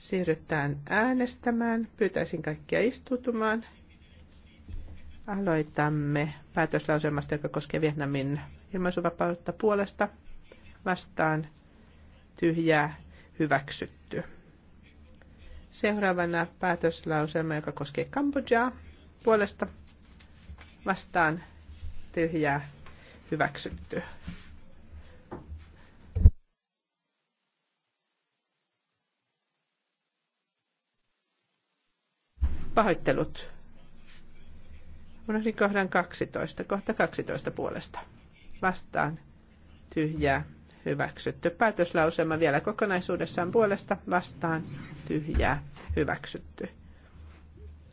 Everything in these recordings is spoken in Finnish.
Siirrytään äänestämään. Pyytäisin kaikkia istutumaan. Aloitamme päätöslauselmasta, joka koskee Vietnamin ilmaisuvapautta puolesta. Vastaan tyhjää hyväksytty. Seuraavana päätöslauselma, joka koskee Kambodžaa puolesta. Vastaan tyhjää hyväksytty. Pahoittelut. Unohdin kohdan 12. Kohta 12 puolesta. Vastaan. Tyhjää. Hyväksytty. Päätöslauselma vielä kokonaisuudessaan puolesta. Vastaan. Tyhjää. Hyväksytty.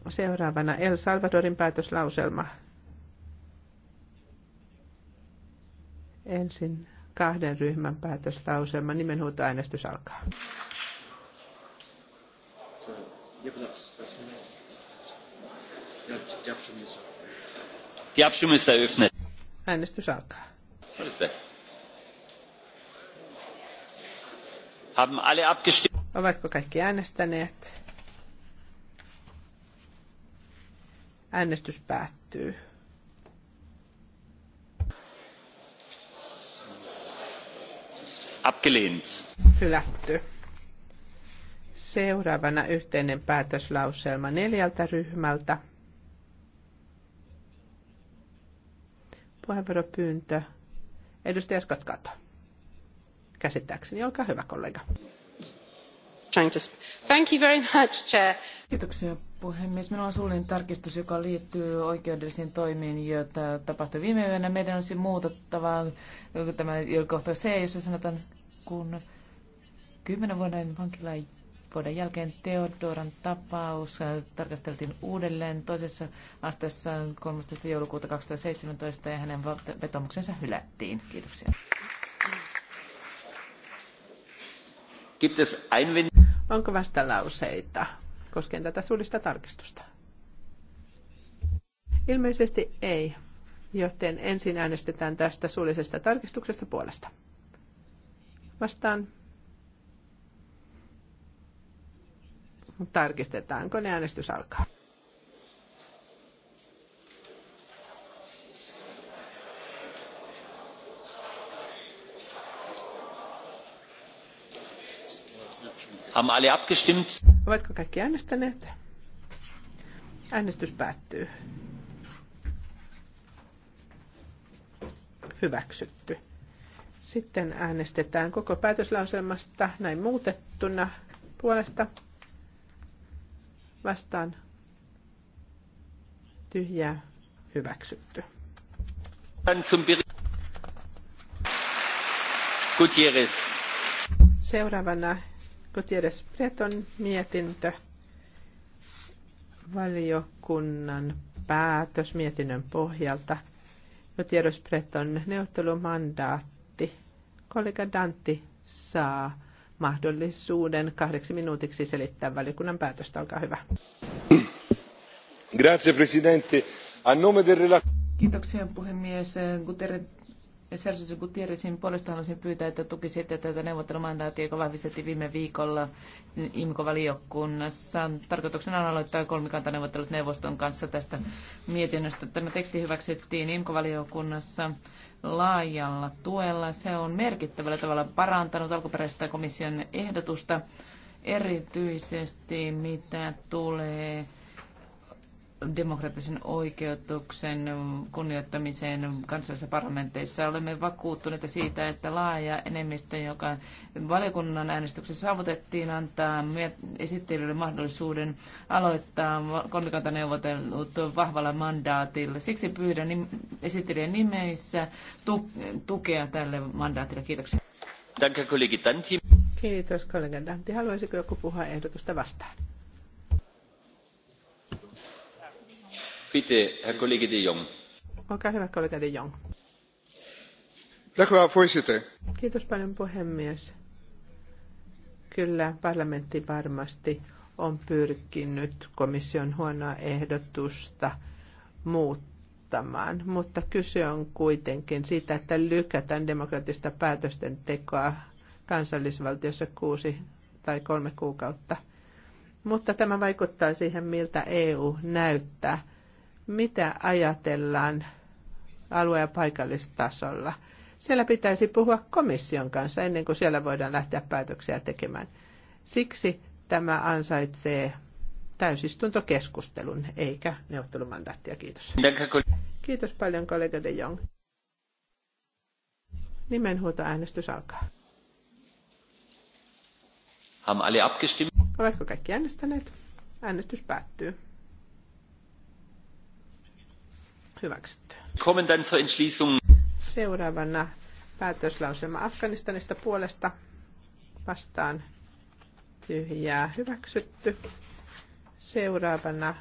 Seuraavana El Salvadorin päätöslauselma. Ensin kahden ryhmän päätöslauselma. Nimenhuutoäänestys alkaa. So, Die Abstimmung ist eröffnet. Äänestys alkaa. Haben alle abgestimmt? Ovatko kaikki äänestäneet? Äänestys päättyy. Abgelehnt. Hylätty. Seuraavana yhteinen päätöslauselma neljältä ryhmältä. puheenvuoropyyntö. Edustaja Skatkato. Käsittääkseni, olkaa hyvä kollega. Thank you very much, Chair. Kiitoksia puhemies. Minulla on suullinen tarkistus, joka liittyy oikeudellisiin toimiin, joita tapahtui viime yönä. Meidän olisi muutettava tämä kohta C, jossa sanotaan, kun kymmenen vuoden vankilan vuoden jälkeen Theodoran tapaus tarkasteltiin uudelleen toisessa asteessa 13. joulukuuta 2017 ja hänen vetomuksensa hylättiin. Kiitoksia. Gibt es Einwin- Onko vastalauseita koskien tätä suullista tarkistusta? Ilmeisesti ei, joten ensin äänestetään tästä suullisesta tarkistuksesta puolesta. Vastaan Tarkistetaan. äänestys alkaa. Haben alle abgestimmt? Ovatko kaikki äänestäneet? Äänestys päättyy. Hyväksytty. Sitten äänestetään koko päätöslauselmasta näin muutettuna puolesta vastaan tyhjää hyväksytty. Gutierrez. Seuraavana Gutierrez Breton mietintö. Valiokunnan päätös mietinnön pohjalta. Gutierrez Breton neuvottelumandaatti. Kollega Dantti saa mahdollisuuden kahdeksi minuutiksi selittää valiokunnan päätöstä. Olkaa hyvä. Grazie, presidente. A nome del Kiitoksia puhemies. Guterres Sergio Gutierrezin puolesta haluaisin pyytää, että tukisitte tätä neuvottelumandaatia, joka vahvistettiin viime viikolla IMCO-valiokunnassa. Tarkoituksena on aloittaa kolmikantaneuvottelut neuvoston kanssa tästä mietinnöstä. Tämä teksti hyväksyttiin IMCO-valiokunnassa laajalla tuella. Se on merkittävällä tavalla parantanut alkuperäistä komission ehdotusta, erityisesti mitä tulee demokraattisen oikeutuksen kunnioittamiseen kansallisissa parlamenteissa. Olemme vakuuttuneita siitä, että laaja enemmistö, joka valiokunnan äänestyksen saavutettiin, antaa esittelylle mahdollisuuden aloittaa kolmikantaneuvotelut vahvalla mandaatilla. Siksi pyydän esittelijän nimeissä tukea tälle mandaatille. Kiitoksia. Kiitos kollega Dantti. Haluaisiko joku puhua ehdotusta vastaan? bitte, de Jong. kollega de Jong. Kiitos paljon puhemies. Kyllä parlamentti varmasti on pyrkinyt komission huonoa ehdotusta muuttamaan, mutta kyse on kuitenkin siitä, että lykätään demokraattista päätösten tekoa kansallisvaltiossa kuusi tai kolme kuukautta. Mutta tämä vaikuttaa siihen, miltä EU näyttää mitä ajatellaan alue- ja paikallistasolla. Siellä pitäisi puhua komission kanssa ennen kuin siellä voidaan lähteä päätöksiä tekemään. Siksi tämä ansaitsee täysistuntokeskustelun eikä neuvottelumandaattia. Kiitos. Kiitos paljon kollega de Jong. Nimenhuutoäänestys alkaa. Ovatko kaikki äänestäneet? Äänestys päättyy. Hyväksytty. Seuraavana päätöslauselma Afganistanista puolesta vastaan tyhjää hyväksytty. Seuraavana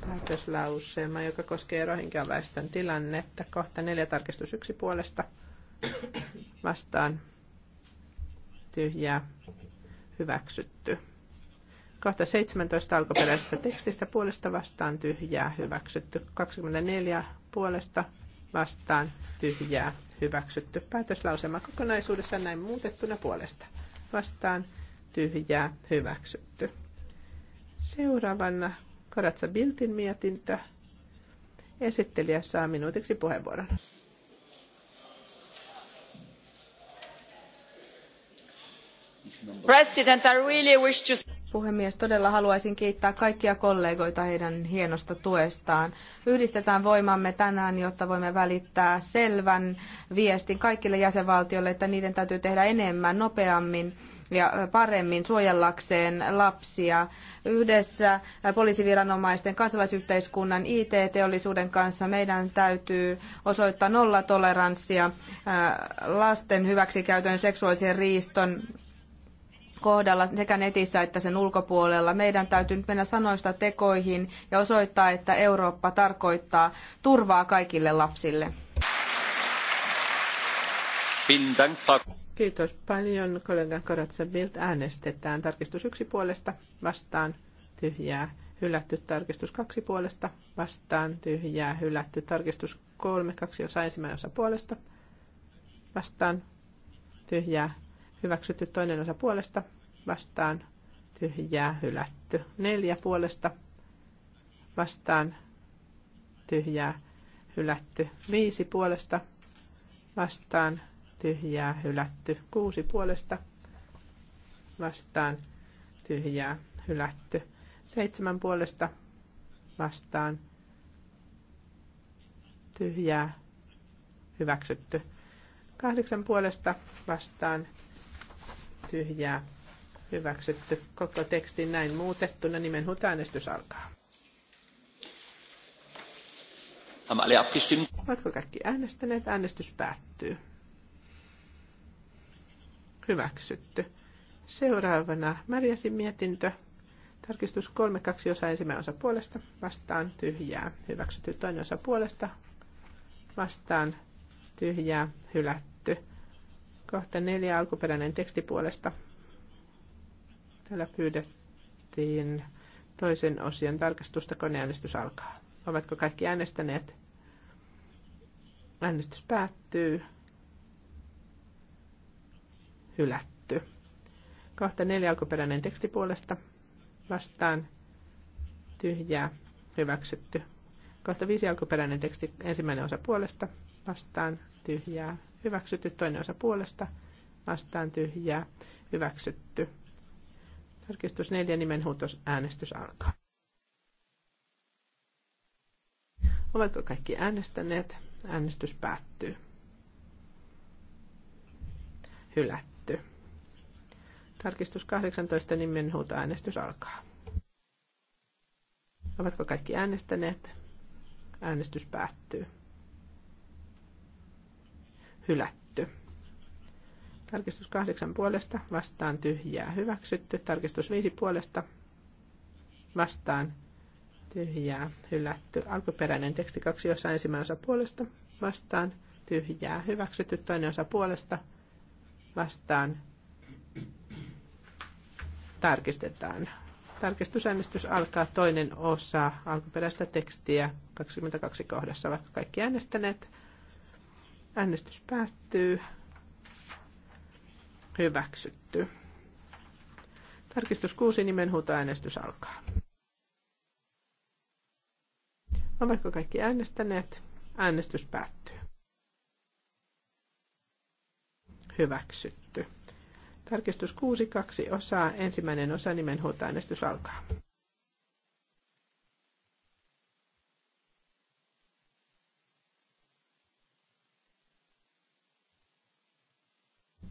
päätöslauselma, joka koskee rohinkian väestön tilannetta. Kohta neljä tarkistus yksi puolesta vastaan tyhjää hyväksytty. Kohta 17 alkuperäisestä tekstistä puolesta vastaan tyhjää hyväksytty. 24 puolesta vastaan tyhjää hyväksytty. Päätöslausema kokonaisuudessaan näin muutettuna puolesta vastaan tyhjää hyväksytty. Seuraavana Karatsa Biltin mietintö. Esittelijä saa minuutiksi puheenvuoron. President, I really wish to puhemies. Todella haluaisin kiittää kaikkia kollegoita heidän hienosta tuestaan. Yhdistetään voimamme tänään, jotta voimme välittää selvän viestin kaikille jäsenvaltioille, että niiden täytyy tehdä enemmän, nopeammin ja paremmin suojellakseen lapsia yhdessä poliisiviranomaisten, kansalaisyhteiskunnan, IT-teollisuuden kanssa meidän täytyy osoittaa nollatoleranssia lasten hyväksikäytön, seksuaalisen riiston kohdalla sekä netissä että sen ulkopuolella. Meidän täytyy nyt mennä sanoista tekoihin ja osoittaa, että Eurooppa tarkoittaa turvaa kaikille lapsille. Kiitos paljon kollega Koratsa Bild. Äänestetään tarkistus yksi puolesta vastaan tyhjää hylätty tarkistus kaksi puolesta vastaan tyhjää hylätty tarkistus kolme kaksi osa ensimmäinen osa puolesta vastaan tyhjää Hyväksytty toinen osa puolesta vastaan tyhjää hylätty. Neljä puolesta vastaan tyhjää hylätty. Viisi puolesta vastaan tyhjää hylätty. Kuusi puolesta vastaan tyhjää hylätty. Seitsemän puolesta vastaan tyhjää hyväksytty. Kahdeksan puolesta vastaan tyhjää hyväksytty. Koko teksti näin muutettuna nimen äänestys alkaa. Oletko kaikki äänestäneet? Äänestys päättyy. Hyväksytty. Seuraavana Märjäsin mietintö. Tarkistus 3, 2 osa ensimmäinen osa puolesta, vastaan tyhjää. Hyväksytty toinen osa puolesta, vastaan tyhjää, hylätty. 24 neljä alkuperäinen teksti puolesta. Täällä pyydettiin toisen osion tarkastusta, äänestys alkaa. Ovatko kaikki äänestäneet? Äänestys päättyy. Hylätty. Kohta neljä alkuperäinen teksti puolesta. Vastaan. Tyhjää. Hyväksytty. Kohta viisi alkuperäinen teksti ensimmäinen osa puolesta. Vastaan. Tyhjää hyväksytty, toinen osa puolesta, vastaan tyhjää, hyväksytty. Tarkistus neljä nimenhuutos, äänestys alkaa. Ovatko kaikki äänestäneet? Äänestys päättyy. Hylätty. Tarkistus 18 nimenhuuto, äänestys alkaa. Ovatko kaikki äänestäneet? Äänestys päättyy hylätty. Tarkistus kahdeksan puolesta vastaan tyhjää hyväksytty. Tarkistus viisi puolesta vastaan tyhjää hylätty. Alkuperäinen teksti kaksi osa ensimmäinen osa puolesta vastaan tyhjää hyväksytty. Toinen osa puolesta vastaan tarkistetaan. Tarkistusäänestys alkaa toinen osa alkuperäistä tekstiä 22 kohdassa, vaikka kaikki äänestäneet. Äänestys päättyy. Hyväksytty. Tarkistus 6 nimenhuutoäänestys alkaa. Ovatko kaikki äänestäneet? Äänestys päättyy. Hyväksytty. Tarkistus 6.2. kaksi osaa. Ensimmäinen osa nimenhuutoäänestys alkaa.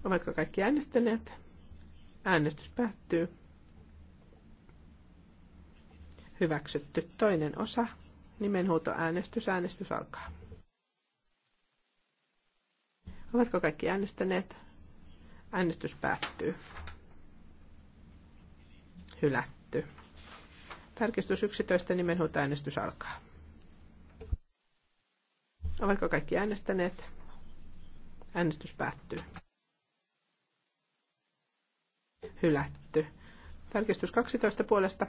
Ovatko kaikki äänestäneet? Äänestys päättyy. Hyväksytty toinen osa. Nimenhuuto Äänestys äänestys alkaa. Ovatko kaikki äänestäneet? Äänestys päättyy. Hylätty. Tarkistus 11. äänestys alkaa. Ovatko kaikki äänestäneet? Äänestys päättyy hylätty. Tarkistus 12 puolesta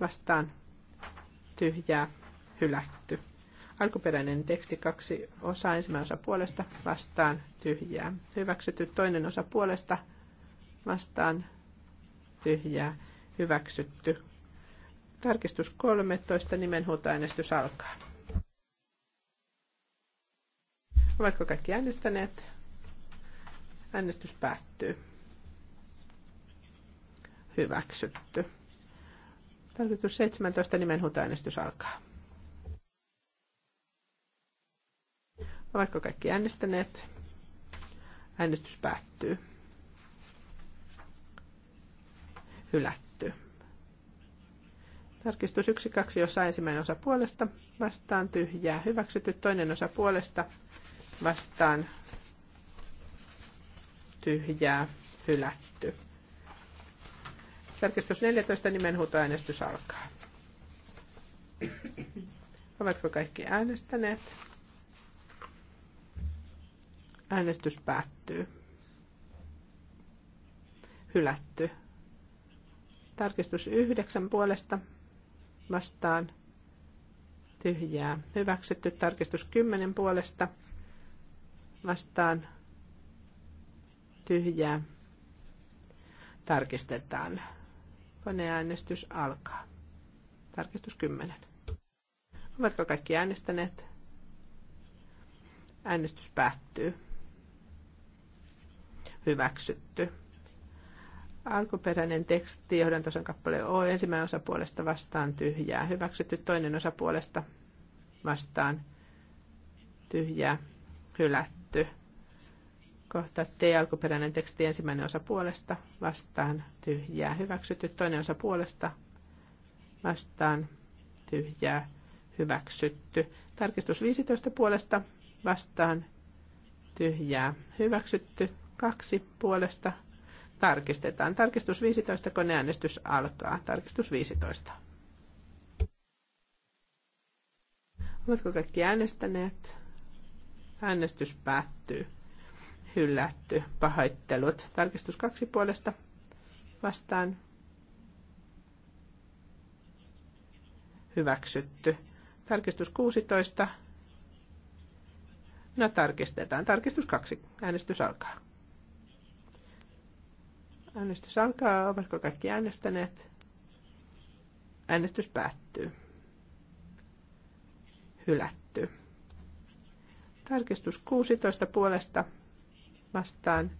vastaan tyhjää hylätty. Alkuperäinen teksti kaksi osa, ensimmäinen osa puolesta vastaan tyhjää. Hyväksytty toinen osa puolesta vastaan tyhjää. Hyväksytty. Tarkistus 13, nimenhuutoäänestys alkaa. Ovatko kaikki äänestäneet? Äänestys päättyy hyväksytty. Tarkoitus 17 nimen äänestys alkaa. Ovatko kaikki äänestäneet? Äänestys päättyy. Hylätty. Tarkistus 1, 2, jossa ensimmäinen osa puolesta vastaan tyhjää hyväksytty, toinen osa puolesta vastaan tyhjää hylätty. Tarkistus 14 nimenhuutoäänestys alkaa. Ovatko kaikki äänestäneet? Äänestys päättyy. Hylätty. Tarkistus 9 puolesta vastaan tyhjää. Hyväksytty tarkistus 10 puolesta vastaan tyhjää. Tarkistetaan. Koneäänestys alkaa. Tarkistus 10. Ovatko kaikki äänestäneet? Äänestys päättyy. Hyväksytty. Alkuperäinen teksti, johdantason kappale O, ensimmäinen osa puolesta vastaan tyhjää. Hyväksytty toinen osa puolesta vastaan tyhjää. Hylätty. Kohta T alkuperäinen teksti ensimmäinen osa puolesta vastaan tyhjää hyväksytty. Toinen osa puolesta vastaan tyhjää hyväksytty. Tarkistus 15 puolesta vastaan tyhjää hyväksytty. Kaksi puolesta tarkistetaan. Tarkistus 15, koneäänestys alkaa. Tarkistus 15. Ovatko kaikki äänestäneet? Äänestys päättyy hylätty. Pahoittelut. Tarkistus kaksi puolesta vastaan hyväksytty. Tarkistus 16. No tarkistetaan. Tarkistus 2. Äänestys alkaa. Äänestys alkaa. Ovatko kaikki äänestäneet? Äänestys päättyy. Hylätty. Tarkistus 16 puolesta vastaan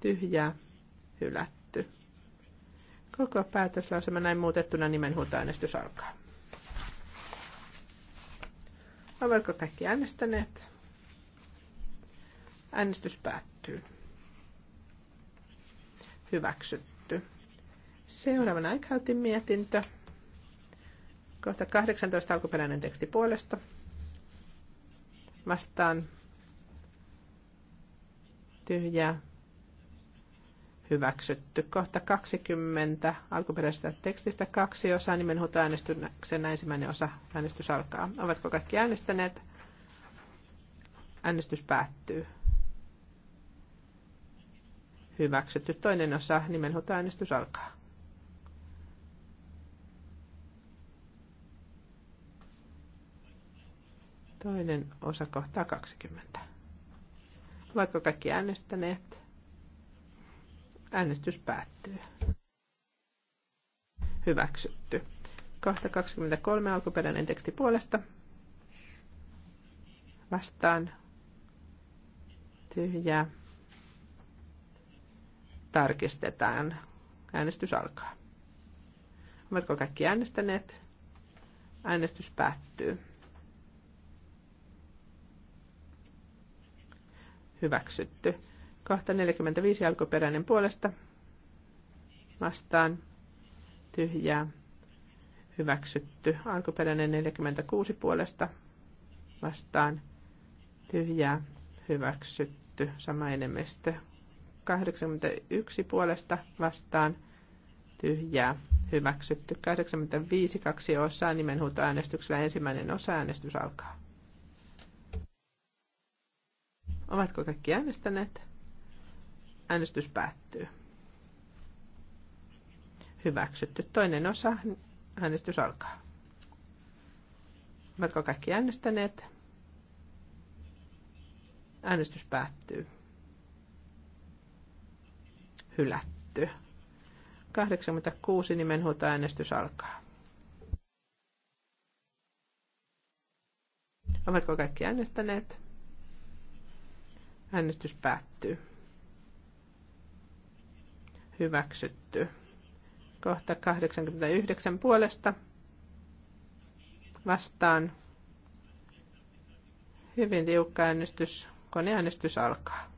tyhjää hylätty. Koko päätöslausema näin muutettuna nimenhuutoäänestys alkaa. Ovatko kaikki äänestäneet? Äänestys päättyy. Hyväksytty. Seuraavana aikautin mietintö. Kohta 18 alkuperäinen teksti puolesta. Vastaan tyhjä hyväksytty. Kohta 20 alkuperäisestä tekstistä kaksi osaa äänestyksen ensimmäinen osa äänestys alkaa. Ovatko kaikki äänestäneet? Äänestys päättyy. Hyväksytty toinen osa äänestys alkaa. Toinen osa kohtaa 20. Vaikka kaikki äänestäneet? Äänestys päättyy. Hyväksytty. Kohta 23 alkuperäinen teksti puolesta. Vastaan. Tyhjä. Tarkistetaan. Äänestys alkaa. Ovatko kaikki äänestäneet? Äänestys päättyy. hyväksytty. Kohta 45 alkuperäinen puolesta vastaan tyhjää hyväksytty. Alkuperäinen 46 puolesta vastaan tyhjää hyväksytty. Sama enemmistö. 81 puolesta vastaan tyhjää hyväksytty. 85 kaksi osaa nimenhuutoäänestyksellä ensimmäinen osa äänestys alkaa. Ovatko kaikki äänestäneet? Äänestys päättyy. Hyväksytty. Toinen osa. Äänestys alkaa. Ovatko kaikki äänestäneet? Äänestys päättyy. Hylätty. 86 huuta äänestys alkaa. Ovatko kaikki äänestäneet? Äänestys päättyy. Hyväksytty. Kohta 89 puolesta. Vastaan. Hyvin tiukka äänestys. Koneäänestys alkaa.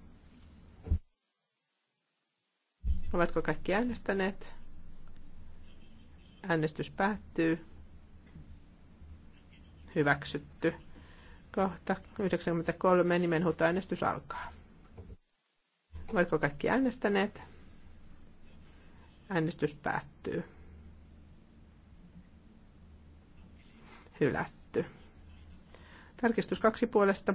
Ovatko kaikki äänestäneet? Äänestys päättyy. Hyväksytty kohta 93 nimenhuutoäänestys alkaa. Oletko kaikki äänestäneet? Äänestys päättyy. Hylätty. Tarkistus kaksi puolesta.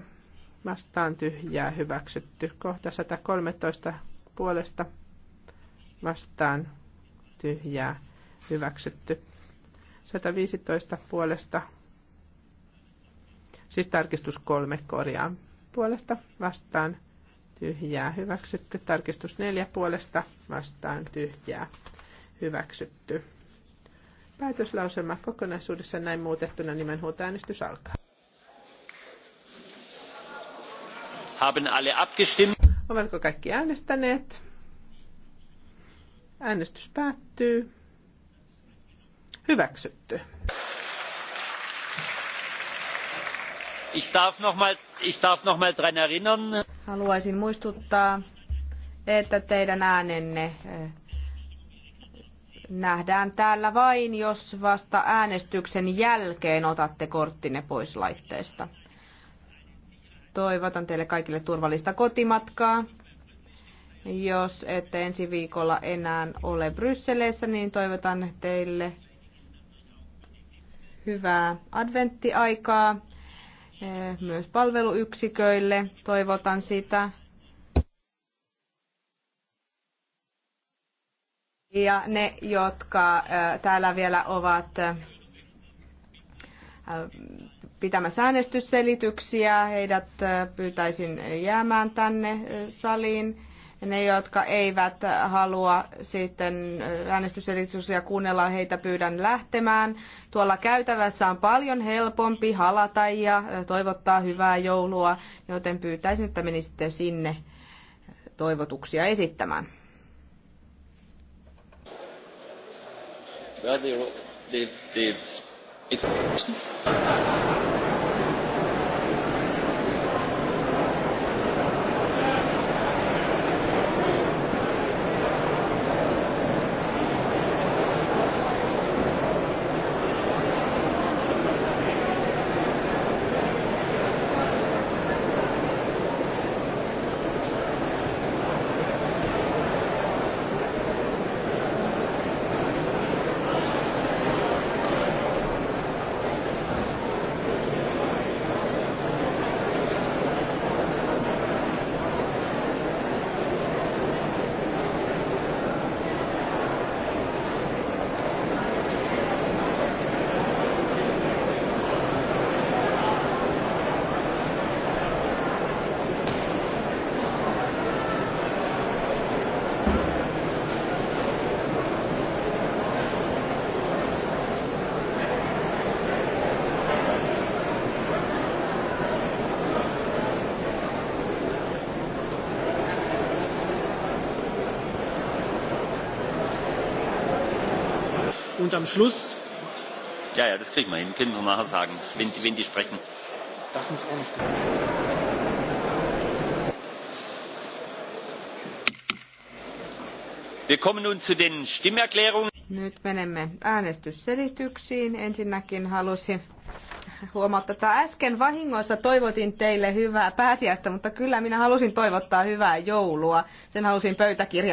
Vastaan tyhjää hyväksytty. Kohta 113 puolesta. Vastaan tyhjää hyväksytty. 115 puolesta Siis tarkistus kolme korjaa puolesta vastaan tyhjää hyväksytty. Tarkistus neljä puolesta vastaan tyhjää hyväksytty. Päätöslauselma kokonaisuudessa näin muutettuna nimenhuutoäänestys alkaa. Haben alle abgestimmt? Ovatko kaikki äänestäneet? Äänestys päättyy. Hyväksytty. Haluaisin muistuttaa, että teidän äänenne eh, nähdään täällä vain, jos vasta äänestyksen jälkeen otatte korttinne pois laitteesta. Toivotan teille kaikille turvallista kotimatkaa. Jos ette ensi viikolla enää ole Brysselissä, niin toivotan teille hyvää adventtiaikaa Eh, myös palveluyksiköille. Toivotan sitä. Ja ne, jotka eh, täällä vielä ovat eh, pitämässä äänestysselityksiä, heidät pyytäisin jäämään tänne saliin. Ne, jotka eivät halua sitten äänestysselityksiä kuunnella, heitä pyydän lähtemään. Tuolla käytävässä on paljon helpompi halata ja toivottaa hyvää joulua, joten pyytäisin, että menisitte sinne toivotuksia esittämään. Und am Schluss. Ja, ja, das kriegen wir hin. Können wir nachher sagen, wenn, wenn die sprechen. Das muss auch nicht kommen. Nyt menemme äänestysselityksiin. Ensinnäkin halusin huomauttaa, että äsken vahingoissa toivotin teille hyvää pääsiäistä, mutta kyllä minä halusin toivottaa hyvää joulua. Sen halusin pöytäkirjaan.